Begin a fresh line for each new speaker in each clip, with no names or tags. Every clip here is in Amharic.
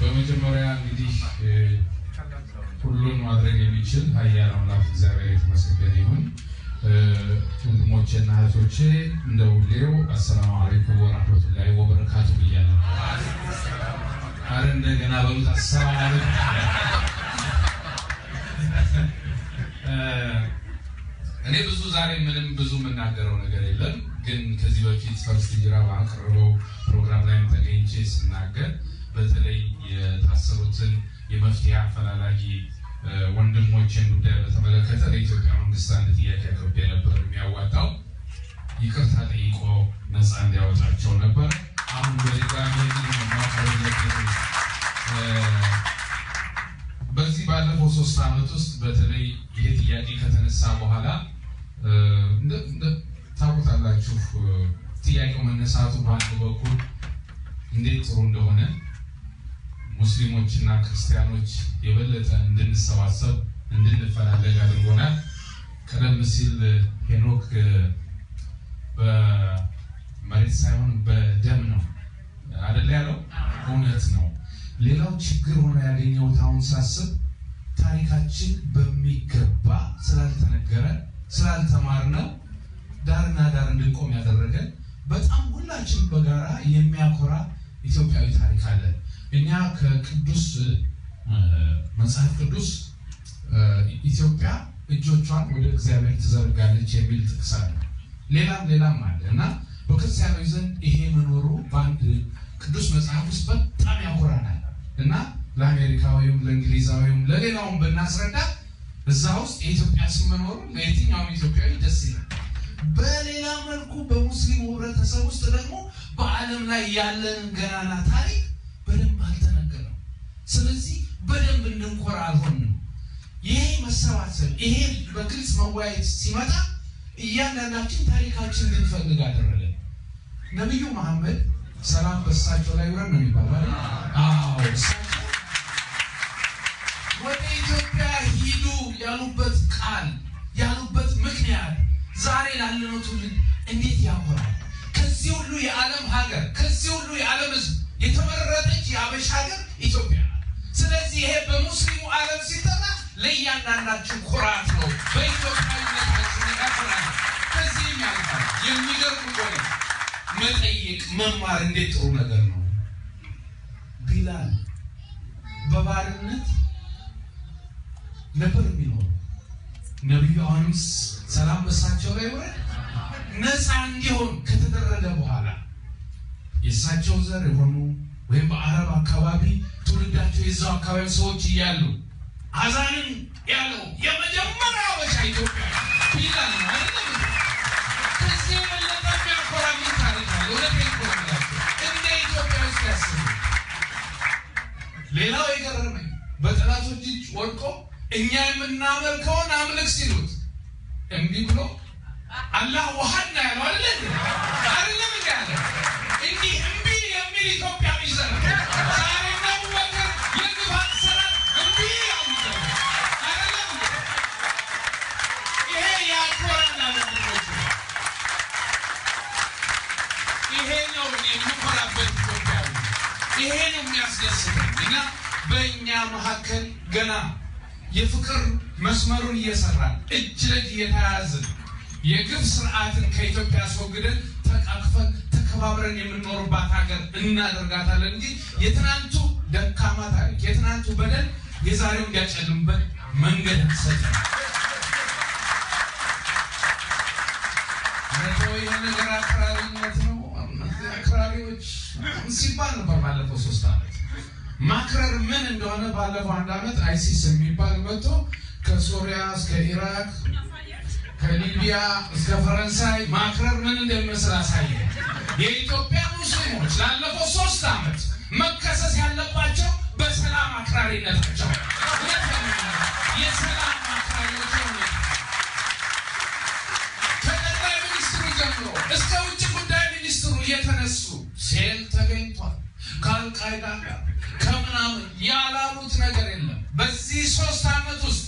በመጀመሪያ እንግዲህ ሁሉን ማድረግ የሚችል ኃያል አምላክ እግዚአብሔር የተመሰገነ ይሁን። ወንድሞቼና እህቶቼ እንደ ሁሌው አሰላሙ አለይኩም ወራህመቱላሂ ወበረካቱ ብያለሁ። አረ እንደገና በሉት አሰላሙ አለይኩም። እኔ ብዙ ዛሬ ምንም ብዙ የምናገረው ነገር የለም። ግን ከዚህ በፊት ፈርስት ጅራብ ባቀረበው ፕሮግራም ላይ ተገኝቼ ስናገር በተለይ የታሰሩትን የመፍትሄ አፈላላጊ ወንድሞችን ጉዳይ በተመለከተ ለኢትዮጵያ መንግስት አንድ ጥያቄ አቅርቤ ነበር። የሚያዋጣው ይቅርታ ጠይቆ ነፃ እንዲያወጣቸው ነበር። አሁን በድጋሚ በዚህ ባለፈው ሶስት ዓመት ውስጥ በተለይ ይሄ ጥያቄ ከተነሳ በኋላ ታውቁታላችሁ። ጥያቄው መነሳቱ በአንድ በኩል እንዴት ጥሩ እንደሆነ ሙስሊሞችና ክርስቲያኖች የበለጠ እንድንሰባሰብ እንድንፈላለግ አድርጎናል። ቀደም ሲል ሄኖክ በመሬት ሳይሆን በደም ነው አደላ ያለው እውነት ነው። ሌላው ችግር ሆነ ያገኘሁት አሁን ሳስብ ታሪካችን በሚገባ ስላልተነገረ ስላልተማር ነው። ዳርና ዳር እንድንቆም ያደረገን በጣም ሁላችን በጋራ የሚያኮራ ኢትዮጵያዊ ታሪክ አለ። እኛ ከቅዱስ መጽሐፍ ቅዱስ ኢትዮጵያ እጆቿን ወደ እግዚአብሔር ትዘርጋለች የሚል ጥቅስ አለ። ሌላም ሌላም አለ እና በክርስቲያኖች ዘንድ ይሄ መኖሩ በአንድ ቅዱስ መጽሐፍ ውስጥ በጣም ያኮራናል እና ለአሜሪካዊውም፣ ለእንግሊዛዊውም፣ ለሌላውም ብናስረዳ እዛ ውስጥ የኢትዮጵያ ስም መኖሩ ለየትኛውም ኢትዮጵያዊ ደስ ይላል። በሌላ መልኩ በሙስሊም ህብረተሰብ ውስጥ ደግሞ በዓለም ላይ ያለንን ገናና ታሪክ በደንብ አልተነገረም። ስለዚህ በደንብ እንድንኮራ አልሆንም። ይሄ መሰባሰብ ይሄ በግልጽ መወያየት ሲመጣ እያንዳንዳችን ታሪካችን እንድንፈልግ አደረገን። ነቢዩ መሐመድ ሰላም በሳቸው ላይ ውረን ነው የሚባለው። ወደ ኢትዮጵያ ሂዱ ያሉበት ቃል ያሉበት ምክንያት ዛሬ ላለነው ትውልድ እንዴት ያምራል። ከዚህ ሁሉ የዓለም ሀገር ከዚህ ሁሉ የዓለም ሕዝብ የተመረጠች የአበሻ ሀገር ኢትዮጵያ ስለዚህ ይሄ በሙስሊሙ ዓለም ሲጠራ ለእያንዳንዳችን ኩራት ነው። በኢትዮጵያዊነታችን ያፍራል። ከዚህም ያልፋል። የሚገርም ሆነ መጠየቅ መማር እንዴት ጥሩ ነገር ነው። ቢላል በባርነት ነበር የሚኖሩ ነቢዩ ዮሐንስ ሰላም በሳቸው ላይ ወረ ነፃ እንዲሆን ከተደረገ በኋላ የእሳቸው ዘር የሆኑ ወይም በአረብ አካባቢ ትውልዳቸው የዛው አካባቢ ሰዎች እያሉ አዛንን ያለው የመጀመሪያ አበሻ ኢትዮጵያ ሌላው የገረመኝ በጠላቶች እጅ ወድቆ እኛ የምናመልከውን አምልክ ሲሉት እንዲህ ብሎ አላህ ዋህና ያለው አለ አይደለም እ ያለ እንዲህ እምቢ የሚል ኢትዮጵያ ሚዘር ወገር የግፋት ይሄ ይሄ ነው የምኮራበት ኢትዮጵያ ይሄ ነው እና በእኛ መካከል ገና የፍቅር መስመሩን እየሰራን እጅ ለእጅ እየተያያዝን የግፍ ስርዓትን ከኢትዮጵያ አስወግደን ተቃቅፈን ተከባብረን የምንኖርባት ሀገር እናደርጋታለን እንጂ የትናንቱ ደካማ ታሪክ፣ የትናንቱ በደል የዛሬው እንዲያጨልምበት መንገድ ሰጠ። ነገር አክራሪነት ነው። አክራሪዎች ሲባል ነበር ባለፈው ሶስት ዓመት ማክረር ምን እንደሆነ ባለፈው አንድ ዓመት አይሲስ የሚባል መጥቶ ከሶሪያ እስከ ኢራቅ ከሊቢያ እስከ ፈረንሳይ ማክረር ምን እንደሚመስል አሳየ። የኢትዮጵያ ሙስሊሞች ላለፈው ሶስት ዓመት መከሰስ ያለባቸው በሰላም አክራሪነታቸው የሰላም አክራሪነታቸው ከጠቅላይ ሚኒስትሩ ጀምሮ እስከ ውጭ ጉዳይ ሚኒስትሩ እየተነሱ ሴል ተገኝቷል። ከአልቃይዳ ጋር ከምናምን ያላሉት ነገር የለም። በዚህ ሶስት ዓመት ውስጥ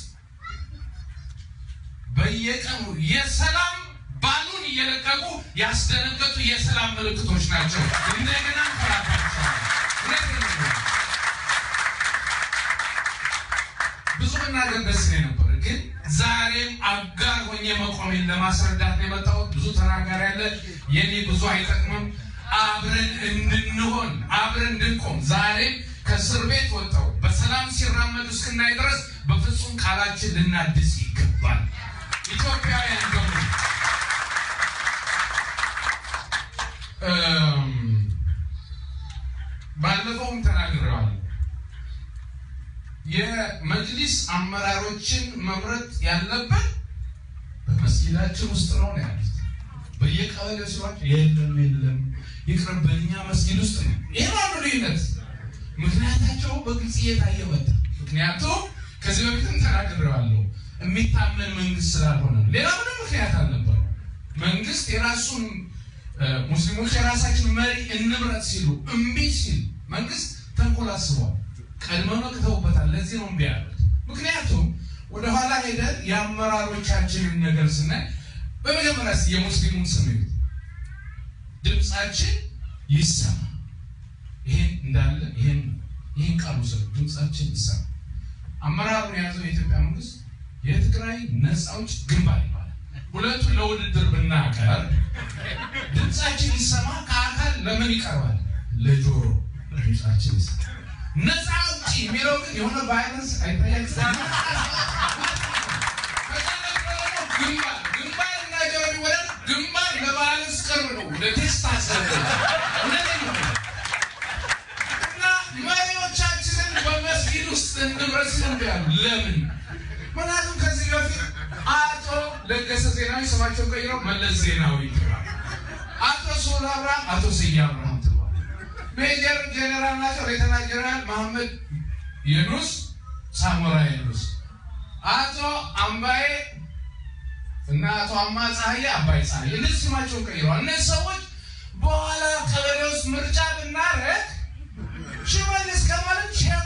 በየቀኑ የሰላም ባሉን እየለቀቁ ያስደነገጡ የሰላም ምልክቶች ናቸው። እንደገና ብዙ መናገር ደስ ነበር፣ ግን ዛሬም አጋር ሆኜ መቆሜን ለማስረዳት የመጣሁት። ብዙ ተናጋሪ ያለ የኔ ብዙ አይጠቅምም። አብረን እንድንሆን አብረን እንድንቆም ዛሬ ከእስር ቤት ወጥተው በሰላም ሲራመዱ እስክናይ ድረስ በፍጹም ቃላችን ልናድስ ይገባል። ኢትዮጵያውያን ደግሞ ባለፈውም ተናግረዋል። የመጅሊስ አመራሮችን መምረጥ ያለበት በመስጊዳችን ውስጥ ነው ያሉት። በየቀበሌ ሲሏቸው የለም የለም ይቅር በኛ መስጊድ ውስጥ ነው። ይህ አንዱ ልዩነት ምክንያታቸው በግልጽ እየታየ መጣ። ምክንያቱም ከዚህ በፊትም ተናግሬዋለሁ የሚታመን መንግስት ስላልሆነ ሌላ ምንም ምክንያት አልነበረ። መንግስት የራሱን ሙስሊሞች የራሳችን መሪ እንምረት ሲሉ እምቢ ሲል መንግስት ተንኮል አስቧል። ቀድመው ነቅተውበታል። ለዚህ ነው እምቢ ያሉት። ምክንያቱም ወደኋላ ሄደን የአመራሮቻችንን ነገር ስናይ በመጀመሪያ የሙስሊሙን ስሜት ድምፃችን ይሰማ። ይሄን እንዳለ ይሄን ይሄን ቃሉ ሰው ድምፃችን ይሰማ። አመራሩን የያዘው የኢትዮጵያ መንግስት የትግራይ ነፃ አውጪ ግንባር ይባላል። ሁለቱ ለውድድር ብናቀር ድምፃችን ይሰማ ከአካል ለምን ይቀርባል? ለጆሮ ድምፃችን ይሰማ። ነፃ አውጪ የሚለው ግን የሆነ ቫይረንስ አይታያል ግንባር ዘር ነው፣ ለደስታ ዘር ነው። እና መሪዎቻችንን በመስጊድ ውስጥ እንድረስ ያሉ ለምን? ምክንያቱም ከዚህ በፊት አቶ ለገሰ ዜናዊ ስማቸው ቀይረው መለስ ዜናዊ ይባላል። አቶ ሶላ አብርሃም አቶ ስያም ነው ተባለ። ሜጀር ጄኔራል ናቸው። ሌተና ጄኔራል መሐመድ የኑስ ሳሞራ የኑስ አቶ አምባዬ እና አቶ አባይ ፀሐዬ እነዚህ ስማቸውን ቀይረዋል። እነዚህ ሰዎች በኋላ ቀበሌ ምርጫ ብናረግ ሽመልስ ከማል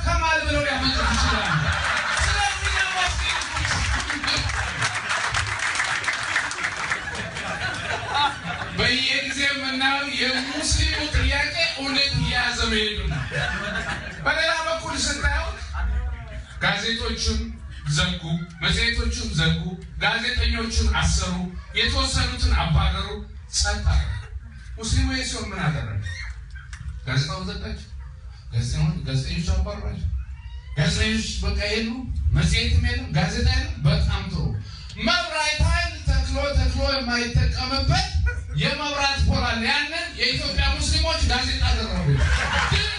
ከማል ብለው ሊያመጡ ይችላል። በየጊዜው የምናየው የሙስሊሙ ጥያቄ እውነት እየያዘ መሄዱ ነው። በሌላ በኩል ስታየው ጋዜጦቹን ዘጉ፣ መጽሔቶቹን ዘጉ፣ ጋዜጠኞቹን አሰሩ፣ የተወሰኑትን አባረሩ። ጸጥ ሙስሊሙ ሲሆን ምን አደረገ? ጋዜጣውን ዘጋቸው፣ ጋዜጠኞች አባረራቸው። ጋዜጠኞች በቃ የሉ፣ መጽሔትም የለም፣ ጋዜጣ የለም። በጣም ጥሩ። መብራቷን ተክሎ ተክሎ የማይጠቀምበት የመብራት ፖል ያንን የኢትዮጵያ ሙስሊሞች ጋዜጣ አደረጉ።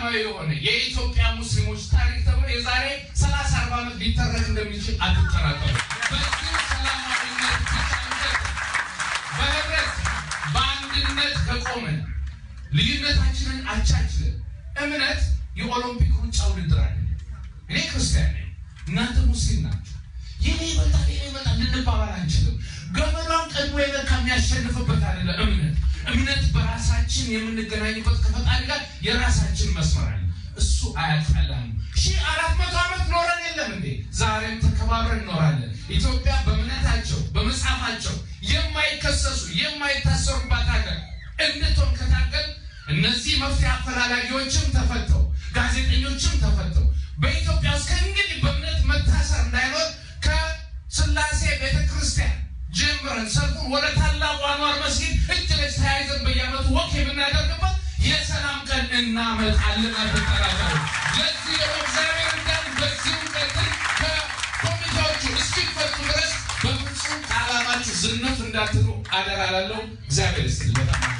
ሰላማዊ የሆነ የኢትዮጵያ ሙስሊሞች ታሪክ ተብሎ የዛሬ ሰላሳ አርባ ዓመት ሊተረክ እንደሚችል አትጠራጠሩ። በዚህ ሰላማዊነት ብቻነት በህብረት በአንድነት ከቆመን ልዩነታችንን አቻችለን እምነት የኦሎምፒክ ሩጫ ውድድር አለ። እኔ ክርስቲያን ነኝ፣ እናንተ ሙስሊም ናቸው። የኔ ይበልጣል፣ የኔ ይበልጣል ልንባባል አንችልም። ገመዷን ቀድሞ የነካ የሚያሸንፍበት አይደለም እምነት እምነት በራሳችን የምንገናኝበት ከፈጣሪ ጋር የራሳችን መስመር አለ። እሱ አያጣላም። ሺ አራት መቶ ዓመት ኖረን የለም እንዴ? ዛሬም ተከባብረን እኖራለን። ኢትዮጵያ በእምነታቸው በመጽሐፋቸው የማይከሰሱ የማይታሰሩባት ሀገር እንድትሆን ከታገል እነዚህ መፍትሄ አፈላላጊዎችም ተፈተው ጋዜጠኞችም ተፈተው በኢትዮጵያ ውስጥ ከእንግዲህ በእምነት መታሰር እንዳይኖር ከስላሴ ቤተክርስቲያን ጀምረን ሰልፉን ወደ ታላቁ አኗር መስጊድ እጅ ተያይዘን በየዓመቱ ወቅት የምናደርግበት የሰላም ቀን እናመጣለን። አልጠራጠሩ ለዚህ በዚሁ ከኮሚቴዎቹ እስኪፈቱ ድረስ በፍጹም ዝነት እንዳትሉ አደራ ላለው እግዚአብሔር ይስጥልኝ በጣም